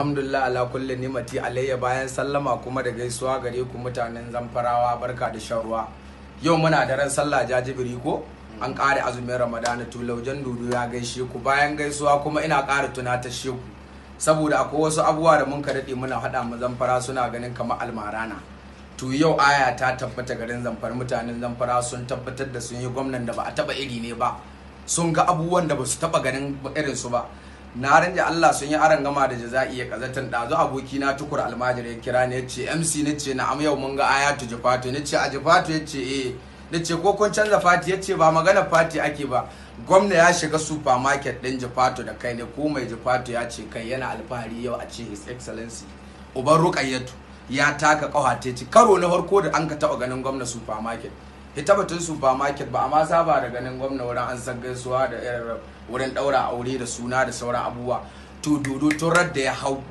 alhamdulillah ala kulli nimati alayya bayan sallama kuma da gaisuwa gare ku mutanen zamfarawa barka da shan ruwa yau muna da ran sallah jajibiri ko an kare azumin ramadana tulaujan dudu ya gaishe ku bayan gaisuwa kuma ina kara tunatar she ku saboda akwai wasu abubuwa da mun ka muna haɗa mu zamfara suna ganin kamar almarana to yau aya ta tabbata garin zamfara mutanen zamfara sun tabbatar da sun yi gwamnan da ba a taɓa iri ne ba sun ga abubuwan da ba su taɓa ganin irinsu ba na da Allah sun yi aran gama da jaza'i ya kazatan ɗazu aboki na tukur almajir ya kira ne ya ce MC na ce na am yau mun ga Aya ayatu jifatu na ce a jifatu ya ce eh na ce ko kun canza fati ya ce ba magana fati ake ba gwamna ya shiga supermarket ɗin jifato da kai ne ko mai jifato ya ce kai yana alfahari yau a ce his excellency uban ruƙayyatu ya taka ƙawa ce karo na farko da an ka taɓa ganin gwamna supermarket hita batun supermarket ba amma saba da ganin gwamna wurin an san gaisuwa da wurin daura aure da suna da sauran abubuwa to dodo turar da ya hau